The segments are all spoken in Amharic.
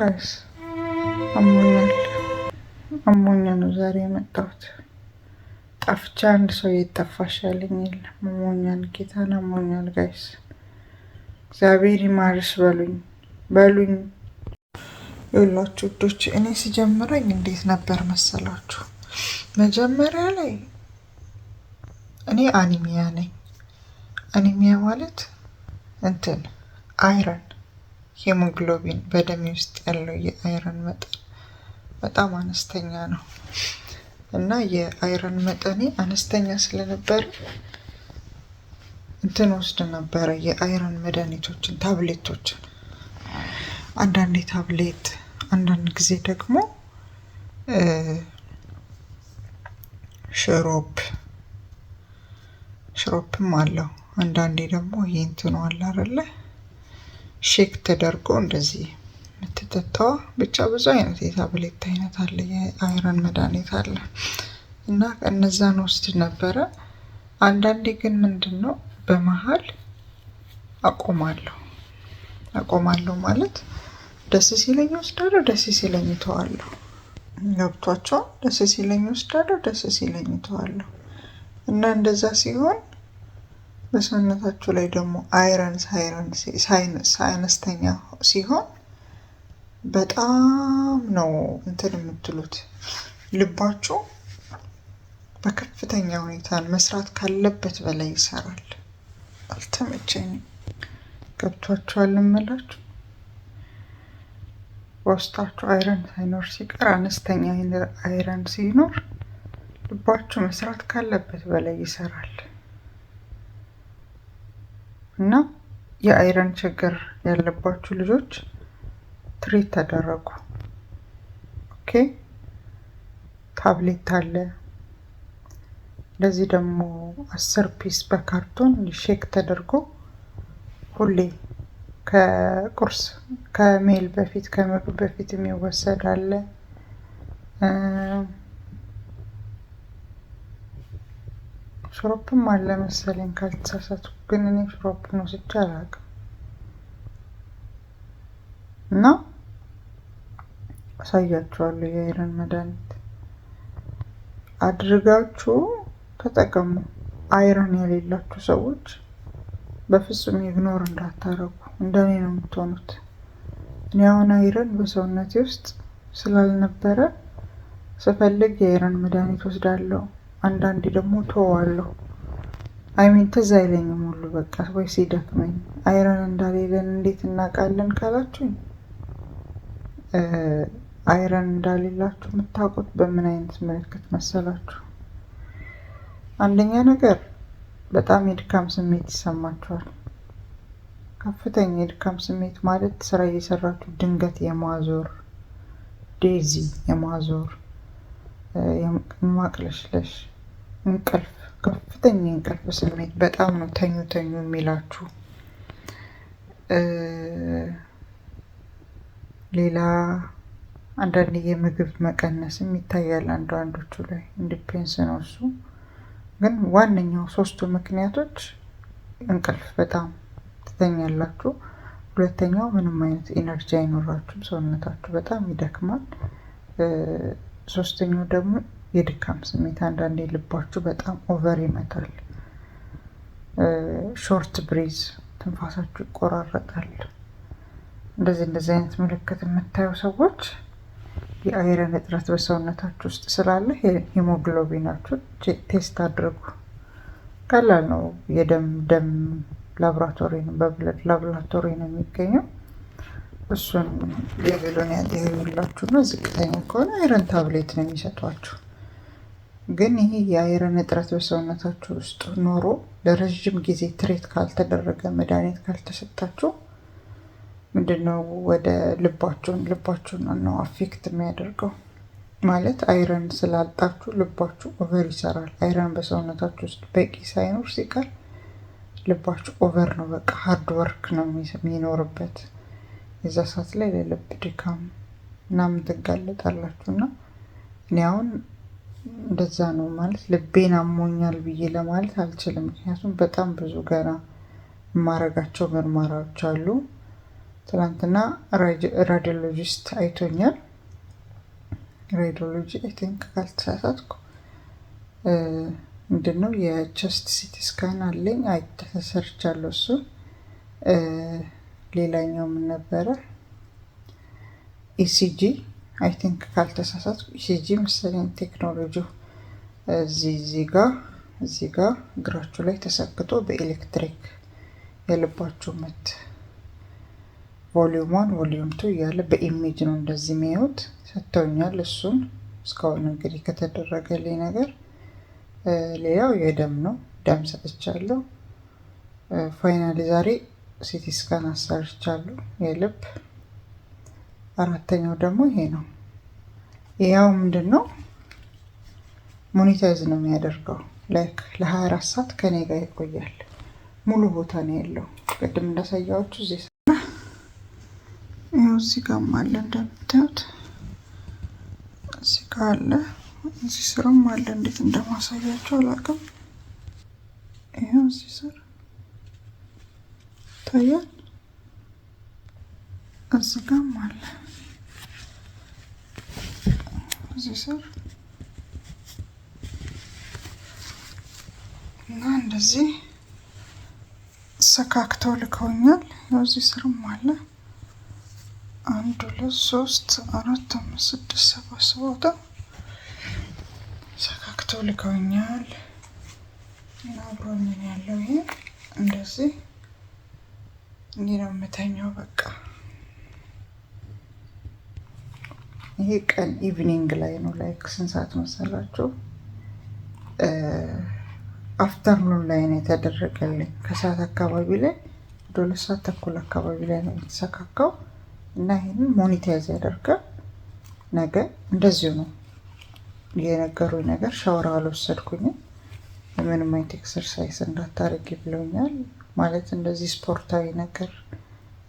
ጋይስ አሞኛል አሞኛ ነው ዛሬ የመጣሁት። ጣፍቻ አንድ ሰው የጠፋሽ ያለኝ የለም። አሞኛል፣ ጌታን አሞኛል። ጋይስ እግዚአብሔር ይማርስ በሉኝ በሉኝ። የሁላችሁ ውዶች እኔ ሲጀምረኝ እንዴት ነበር መሰላችሁ? መጀመሪያ ላይ እኔ አኒሚያ ነኝ። አኒሚያ ማለት እንትን አይረን ሂሞግሎቢን በደም ውስጥ ያለው የአይረን መጠን በጣም አነስተኛ ነው እና የአይረን መጠኔ አነስተኛ ስለነበረ እንትን ወስድ ነበረ የአይረን መድኃኒቶችን ታብሌቶችን፣ አንዳንዴ ታብሌት፣ አንዳንድ ጊዜ ደግሞ ሽሮፕ ሽሮፕም አለው። አንዳንዴ ደግሞ ይህ እንትኑ አለ አይደለ ሼክ ተደርጎ እንደዚህ የምትጠጣዋ ብቻ ብዙ አይነት የታብሌት አይነት አለ፣ የአይረን መድኃኒት አለ እና እነዛን ውስጥ ነበረ። አንዳንዴ ግን ምንድን ነው በመሀል አቆማለሁ። አቆማለሁ ማለት ደስ ሲለኝ ወስዳለሁ፣ ደስ ሲለኝ ተዋለሁ። ገብቷቸው ደስ ሲለኝ ወስዳለሁ፣ ደስ ሲለኝ ተዋለሁ እና እንደዛ ሲሆን በሰውነታችሁ ላይ ደግሞ አይረን ሳይነስተኛ አነስተኛ ሲሆን በጣም ነው እንትን የምትሉት ልባችሁ በከፍተኛ ሁኔታ መስራት ካለበት በላይ ይሰራል። አልተመቸኝም። ገብቷችኋል እምላችሁ በውስጣችሁ አይረን ሳይኖር ሲቀር አነስተኛ አይረን ሲኖር ልባችሁ መስራት ካለበት በላይ ይሰራል። እና የአይረን ችግር ያለባችሁ ልጆች ትሪት ተደረጉ። ኦኬ ታብሌት አለ። ለዚህ ደግሞ አስር ፒስ በካርቶን ሼክ ተደርጎ ሁሌ ከቁርስ ከሜል በፊት ከምግብ በፊት የሚወሰድ አለ። ሽሮፕም አለ መሰለኝ ካልተሳሳትኩ፣ ግን እኔ ሽሮፕ ነው ስቼ አላውቅም። እና አሳያችኋለሁ የአይረን መድኃኒት አድርጋችሁ ተጠቀሙ። አይረን የሌላችሁ ሰዎች በፍጹም ኢግኖር እንዳታረጉ፣ እንደኔ ነው የምትሆኑት። እኔ አሁን አይረን በሰውነቴ ውስጥ ስላልነበረ ስፈልግ የአይረን መድኃኒት ወስዳለሁ። አንዳንዴ ደግሞ ተዋለሁ። አይሜን ትዝ አይለኝም ሁሉ በቃ ወይ ሲደክመኝ አይረን እንዳሌለን እንዴት እናውቃለን ካላችሁኝ አይረን እንዳሌላችሁ የምታውቁት በምን አይነት ምልክት መሰላችሁ? አንደኛ ነገር በጣም የድካም ስሜት ይሰማችኋል። ከፍተኛ የድካም ስሜት ማለት ስራ እየሰራችሁ ድንገት የማዞር ዴዚ የማዞር የማቅለሽለሽ እንቅልፍ ከፍተኛ እንቅልፍ ስሜት በጣም ነው ተኙ ተኙ የሚላችሁ። ሌላ አንዳንድ የምግብ መቀነስም ይታያል አንዱ አንዶቹ ላይ ኢንዲፔንስ ነው እሱ። ግን ዋነኛው ሶስቱ ምክንያቶች እንቅልፍ በጣም ትተኛላችሁ። ሁለተኛው ምንም አይነት ኢነርጂ አይኖራችሁም፣ ሰውነታችሁ በጣም ይደክማል። ሶስተኛው ደግሞ የድካም ስሜት አንዳንዴ ልባችሁ በጣም ኦቨር ይመታል። ሾርት ብሪዝ ትንፋሳችሁ ይቆራረጣል። እንደዚህ እንደዚህ አይነት ምልክት የምታዩ ሰዎች የአይረን እጥረት በሰውነታችሁ ውስጥ ስላለ ሂሞግሎቢናችሁ ቴስት አድርጉ። ቀላል ነው። የደም ደም ላብራቶሪ ነው፣ በብለድ ላብራቶሪ ነው የሚገኘው። እሱን የቬሎን ያየሁላችሁ እና ዝቅተኛ ከሆነ አይረን ታብሌት ነው የሚሰጧችሁ። ግን ይሄ የአይረን እጥረት በሰውነታችሁ ውስጥ ኖሮ ለረዥም ጊዜ ትሬት ካልተደረገ መድኃኒት ካልተሰጣችሁ ምንድነው ወደ ልባችሁን ልባችሁን ነው አፌክት የሚያደርገው። ማለት አይረን ስላልጣችሁ ልባችሁ ኦቨር ይሰራል። አይረን በሰውነታችሁ ውስጥ በቂ ሳይኖር ሲቀር ልባችሁ ኦቨር ነው፣ በቃ ሀርድ ወርክ ነው የሚኖርበት። የዛ ሰዓት ላይ ለልብ ድካም ምናምን ትጋለጣላችሁ እና እኔ አሁን እንደዛ ነው ማለት ልቤን አሞኛል ብዬ ለማለት አልችልም። ምክንያቱም በጣም ብዙ ገና የማረጋቸው ምርመራዎች አሉ። ትናንትና ራዲዮሎጂስት አይቶኛል። ራዲዮሎጂ አይ ቲንክ ካልተሳሳትኩ ምንድን ነው የቸስት ሲቲ ስካን አለኝ አይተሰርቻለሁ። እሱ ሌላኛው ምን ነበረ ኢሲጂ አይ ቲንክ ካልተሳሳት ሲጂ መሰለኝ ቴክኖሎጂው እዚህ እዚህ ጋር እዚህ ጋር እግራችሁ ላይ ተሰክቶ በኤሌክትሪክ የልባችሁ ምት ቮሊዩም ዋን ቮሊዩም ቱ እያለ በኢሜጅ ነው እንደዚህ የሚያዩት ሰጥተውኛል። እሱን እስካሁን እንግዲህ ከተደረገልኝ ነገር ሌላው የደም ነው። ደም ሰጥቻለሁ። ፋይናሊ ዛሬ ሲቲ ስካን አሰርቻለሁ የልብ አራተኛው ደግሞ ይሄ ነው። ያው ምንድን ነው ሞኔታይዝ ነው የሚያደርገው ላይክ ለ24 ሰዓት ከኔ ጋር ይቆያል። ሙሉ ቦታ ነው ያለው። ቅድም እንዳሳያዎቹ እዚህ ያው እዚህ ጋርም አለ እንደምታዩት እዚህ ጋር አለ፣ እዚህ ስርም አለ። እንዴት እንደማሳያቸው አላውቅም። ይሄው እዚህ ስር ይታያል፣ እዚህ ጋርም አለ ስር እና እንደዚህ ሰካክተው ልከውኛል። ያው እዚህ ስርም አለ አንድ ሁለት ሶስት አራት አምስት ስድስት ሰባት ሰባታ ሰካክተው ልከውኛል እና አብሮኝ ያለው። ይሄ እንደዚህ እንዲህ ነው የምተኛው በቃ ይሄ ቀን ኢቭኒንግ ላይ ነው። ላይክ ስንት ሰዓት መሰላችሁ? አፍተርኑን ላይ ነው የተደረገልኝ። ከሰዓት አካባቢ ላይ ወደ ሁለት ሰዓት ተኩል አካባቢ ላይ ነው የተሰካካው እና ይህንን ሞኒታይዝ ያደርገ ነገ እንደዚሁ ነው የነገሩኝ ነገር። ሻወር አልወሰድኩኝም። የምንም አይነት ኤክሰርሳይዝ እንዳታደርግ ብለውኛል። ማለት እንደዚህ ስፖርታዊ ነገር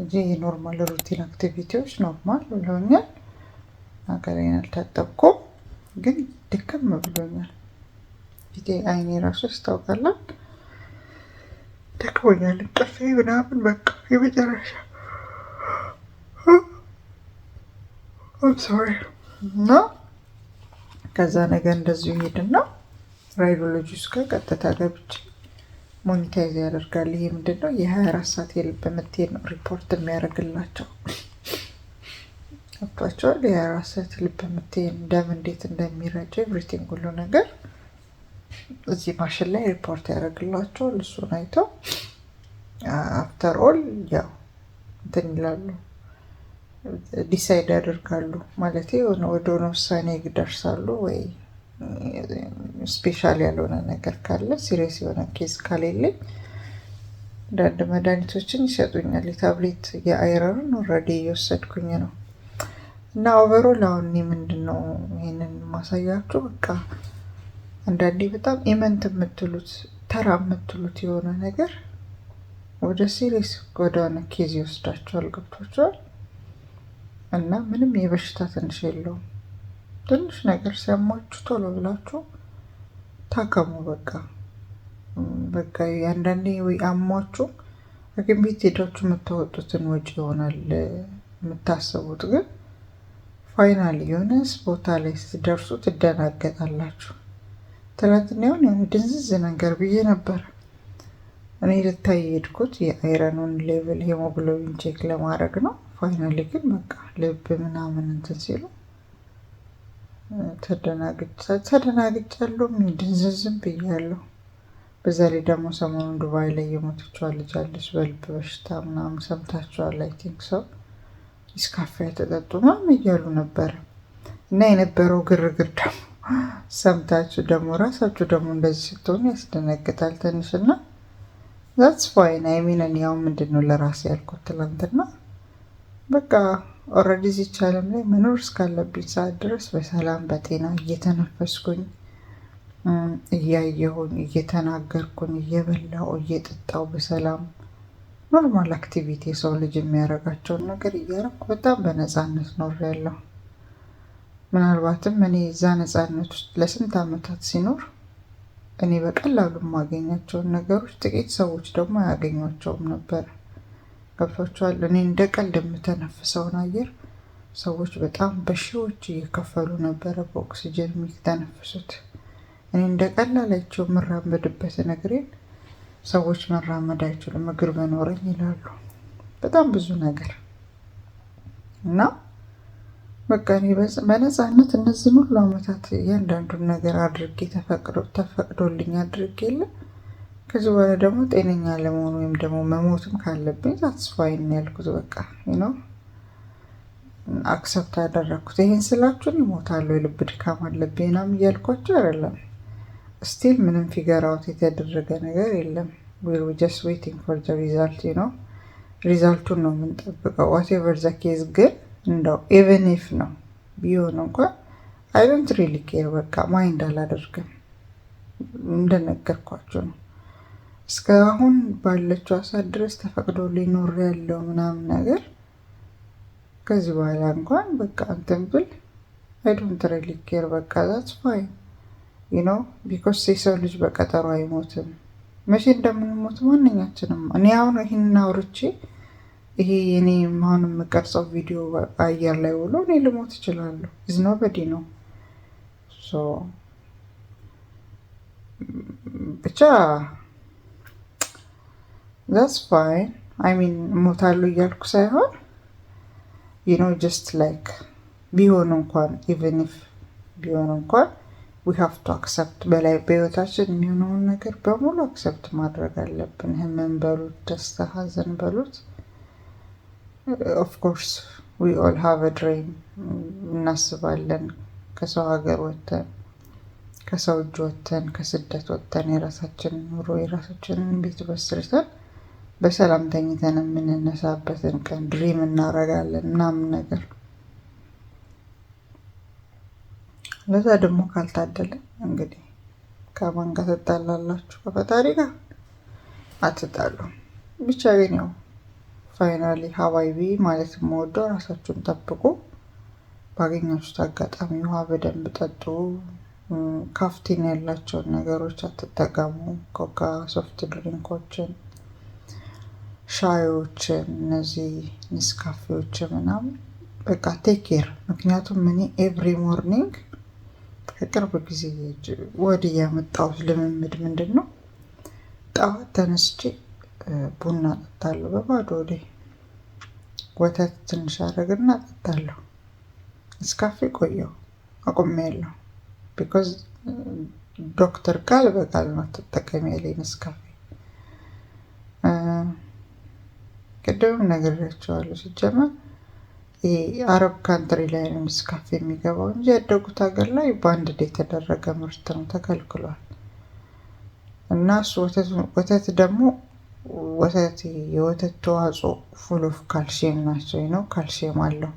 እንጂ የኖርማል ሩቲን አክቲቪቲዎች ኖርማል ብለውኛል። አገሬን አልታጠብኩም፣ ግን ድክም ብሎኛል። ፊቴ አይኔ ራሱ ያስታውቃላል። ደክሞኛል። እንቅልፌ ምናምን በቃ የመጨረሻ ሶሪ እና ከዛ ነገ እንደዚሁ ሄድና ራዲዮሎጂስት ጋር ቀጥታ ገብቼ ሞኒታይዝ ያደርጋል። ይሄ ምንድን ነው? የ24 ሰዓት የልብ ምቴን ነው ሪፖርት የሚያደርግላቸው። ገብቷቸዋል። የራስህ ልብ ምት ደም እንዴት እንደሚረጭ ኤቭሪቲንግ ሁሉ ነገር እዚህ ማሽን ላይ ሪፖርት ያደርግላቸዋል። እሱን አይተው አፍተር ኦል ያው እንትን ይላሉ ዲሳይድ ያደርጋሉ ማለት የሆነ ወደ ሆነ ውሳኔ ይደርሳሉ ወይ ስፔሻል ያልሆነ ነገር ካለ ሲሪየስ የሆነ ኬዝ ካሌለኝ አንዳንድ መድኃኒቶችን ይሰጡኛል። የታብሌት የአይረንን ኦልሬዲ እየወሰድኩኝ ነው። እና ኦቨሮል አሁን እኔ ምንድን ነው ይሄንን ማሳያችሁ በቃ አንዳንዴ በጣም ኢመንት የምትሉት ተራ የምትሉት የሆነ ነገር ወደ ሲሪስ ወደሆነ ኬዝ ይወስዳቸዋል። ገብቷቸዋል። እና ምንም የበሽታ ትንሽ የለውም። ትንሽ ነገር ሲያሟችሁ ቶሎ ብላችሁ ታከሙ። በቃ በቃ አንዳንዴ ወይ አሟችሁ ሐኪም ቤት ሄዳችሁ የምታወጡትን ወጪ ይሆናል የምታስቡት ግን ፋይናል የሆነስ ቦታ ላይ ስትደርሱ ትደናገጣላችሁ። ትናንትና የሆነ ድንዝዝ ነገር ብዬ ነበር እኔ ልታይ የሄድኩት የአይረኑን ሌቭል ሄሞግሎቢን ቼክ ለማድረግ ነው። ፋይናሊ ግን በቃ ልብ ምናምን እንትን ሲሉ ተደናግጫለሁ። ድንዝዝም ብያለሁ። በዛ ላይ ደግሞ ሰሞኑን ዱባይ ላይ የሞተችዋ ልጃለች በልብ በሽታ ምናምን ሰምታችኋል። አይ ቲንክ ሰው ኔስካፌ ተጠጡ ምናምን እያሉ ነበረ እና የነበረው ግርግር ደግሞ ሰምታችሁ ደግሞ ራሳችሁ ደግሞ እንደዚህ ስትሆኑ ያስደነግጣል ትንሽ እና ዛትስ ፋይን አይሚንን ያው ምንድን ነው ለራሴ ያልኩት ትላንትና በቃ ኦልሬዲ እዚች ዓለም ላይ መኖር እስካለብኝ ሰዓት ድረስ በሰላም በጤና እየተነፈስኩኝ እያየሁኝ እየተናገርኩኝ እየበላው እየጠጣው በሰላም ኖርማል አክቲቪቲ የሰው ልጅ የሚያደርጋቸውን ነገር እያደረኩ በጣም በነፃነት ያለው ምናልባትም እኔ እዛ ነፃነት ውስጥ ለስንት ዓመታት ሲኖር እኔ በቀላሉ የማገኛቸውን ነገሮች ጥቂት ሰዎች ደግሞ አያገኟቸውም ነበር። ገብቷቸዋል። እኔ እንደ ቀልድ የምተነፍሰውን አየር ሰዎች በጣም በሺዎች እየከፈሉ ነበረ በኦክሲጅን የሚተነፍሱት። እኔ እንደ ቀላላቸው የምራመድበት እግሬን ሰዎች መራመድ አይችሉም እግር በኖረኝ ይላሉ። በጣም ብዙ ነገር እና በቃ እኔ በነፃነት እነዚህን ሁሉ ዓመታት እያንዳንዱን ነገር አድርጌ ተፈቅዶልኝ አድርጌ የለ ከዚህ በኋላ ደግሞ ጤነኛ ለመሆኑ ወይም ደግሞ መሞትም ካለብኝ ሳትስፋይን ያልኩት በቃ ነው አክሰፕት ያደረግኩት። ይህን ስላችሁን ይሞታለሁ የልብ ድካም አለብኝ ምናምን እያልኳቸው አይደለም። ስቲል ምንም ፊገር አውት የተደረገ ነገር የለም። ዊል ጀስት ዌቲንግ ፎር ዘ ሪዛልት ነው። ሪዛልቱን ነው የምንጠብቀው። ዋቴቨር ዘ ኬዝ ግን እንደው ኤቨን ኢፍ ነው ቢሆን እንኳን አይ ዶንት ሪሊ ኬር በቃ ማይንድ አላደርግም። እንደነገርኳቸው ነው እስከ አሁን ባለችው አሳት ድረስ ተፈቅዶ ሊኖር ያለው ምናምን ነገር ከዚህ በኋላ እንኳን በቃ እንትን ብል አይ ዶንት ሪሊ ኬር በቃ ዛትስ ፋይን ነው ቢኮስ የሰው ልጅ በቀጠሮ አይሞትም። መቼ እንደምንሞት ማንኛችንም እኔ አሁን ይህንን አውርቼ ይሄ የኔ አሁን የምቀርጸው ቪዲዮ አየር ላይ ውሎ እኔ ልሞት እችላለሁ። ኢዝኖበዲ ነው ብቻ ዛስ ፋይን አይሚን እሞታለሁ እያልኩ ሳይሆን ኖ ጀስት ላይክ ቢሆን እንኳን ኢቨን ኢፍ ቢሆን እንኳን ዊ ሃቭ ቱ አክሰፕት በላይ በህይወታችን የሚሆነውን ነገር በሙሉ አክሰፕት ማድረግ አለብን። ህመም በሉት ደስታ፣ ሀዘን በሉት ኦፍኮርስ ዊ ኦል ሃቭ ድሪም እናስባለን። ከሰው ሀገር ወጥተን ከሰው እጅ ወጥተን ከስደት ወጥተን የራሳችንን ኑሮ የራሳችንን ቤት በስርተን በሰላም ተኝተን የምንነሳበትን ቀን ድሪም እናደርጋለን ምናምን ነገር ለዛ ደግሞ ካልታደለ እንግዲህ ከማን ጋር ትጣላላችሁ? ከፈጣሪ ጋር አትጣሉ። ብቻ ግን ያው ፋይናሊ ሀዋይቢ ማለት የምወደው ራሳችሁን ጠብቁ። ባገኛችሁት አጋጣሚ ውሃ በደንብ ጠጡ። ካፍቲን ያላቸውን ነገሮች አትጠቀሙ። ኮካ፣ ሶፍት ድሪንኮችን፣ ሻዮችን፣ እነዚህ ኒስካፌዎች ምናምን በቃ ቴክ ኬር። ምክንያቱም እኔ ኤቭሪ ሞርኒንግ ከቅርብ ጊዜ ወዲህ ያመጣሁት ልምምድ ምንድን ነው? ጠዋት ተነስቼ ቡና ጠጣለሁ። በባዶ ወዴ ወተት ትንሽ አረግና ጠጣለሁ። እስካፌ ቆየሁ አቁሜያለሁ። ቢኮዝ ዶክተር ቃል በቃል ነው ትጠቀሚ ያለኝ እስካፌ። ቅድምም ነግሬያቸዋለሁ ሲጀመር የአረብ ካንትሪ ላይ ነው ምስካፍ የሚገባው እንጂ ያደጉት ሀገር ላይ በአንድ ዴ የተደረገ ምርት ነው ተከልክሏል። እና እሱ ወተት ደግሞ ወተት የወተት ተዋጽኦ ፉሉፍ ካልሲየም ናቸው ነው ካልሲየም አለው።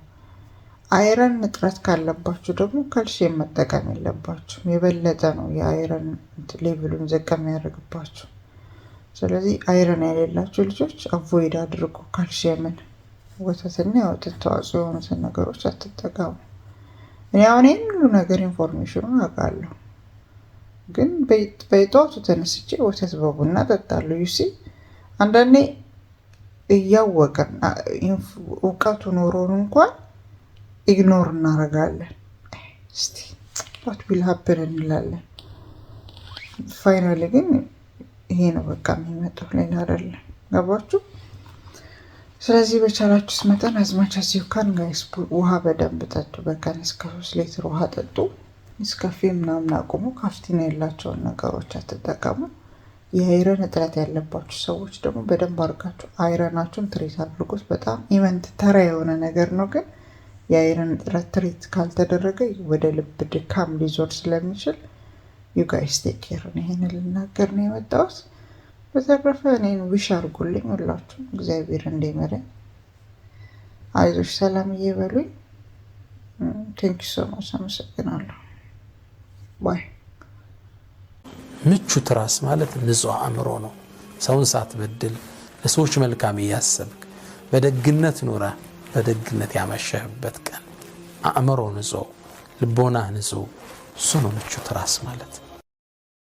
አይረን እጥረት ካለባችሁ ደግሞ ካልሲየም መጠቀም የለባችሁም። የበለጠ ነው የአይረን ሌቭሉን ዘጋ የሚያደርግባችሁ። ስለዚህ አይረን የሌላችሁ ልጆች አቮይድ አድርጉ ካልሲየምን። ወተትና የወተት ተዋጽኦ የሆኑትን ነገሮች አትጠቀሙ። እኔ አሁን ይህን ሁሉ ነገር ኢንፎርሜሽኑ አውቃለሁ፣ ግን በጠዋቱ ተነስቼ ወተት በቡና እጠጣለሁ። ዩሲ አንዳንዴ እያወቀን እውቀቱ ኖሮን እንኳን ኢግኖር እናደርጋለን። እስቲ ባት እንላለን። ፋይናሊ ግን ይሄ ነው በቃ የሚመጣው፣ ሌላ አይደለም። ገባችሁ? ስለዚህ በቻላችሁስ መጠን አዝማች አዚሁ ካን ጋይስ ውሃ በደንብ ጠጡ። በቀን እስከ ሶስት ሌትር ውሃ ጠጡ። ስካፌ ምናምን አቁሙ። ካፍቲን የላቸውን ነገሮች አትጠቀሙ። የአይረን እጥረት ያለባችሁ ሰዎች ደግሞ በደንብ አድርጋችሁ አይረናችሁን ትሬት አድርጉት። በጣም ኢቨንት ተራ የሆነ ነገር ነው፣ ግን የአይረን እጥረት ትሬት ካልተደረገ ወደ ልብ ድካም ሊዞር ስለሚችል ዩጋይስ ቴክ ኬርን ይህን ልናገር ነው የመጣሁት። በተረፈ እኔን ዊሽ አድርጉልኝ ሁላችሁ እግዚአብሔር እንዲመረኝ። አይዞች ሰላም እየበሉኝ። ቴንኪ ሶ ማች አመሰግናለሁ። ባይ ምቹ ትራስ ማለት ንጹህ አእምሮ ነው። ሰውን ሳትበድል ለሰዎች መልካም እያሰብክ በደግነት ኑረ በደግነት ያመሸህበት ቀን አእምሮ ንጹህ፣ ልቦና ንጹህ። እሱ ነው ምቹ ትራስ ማለት።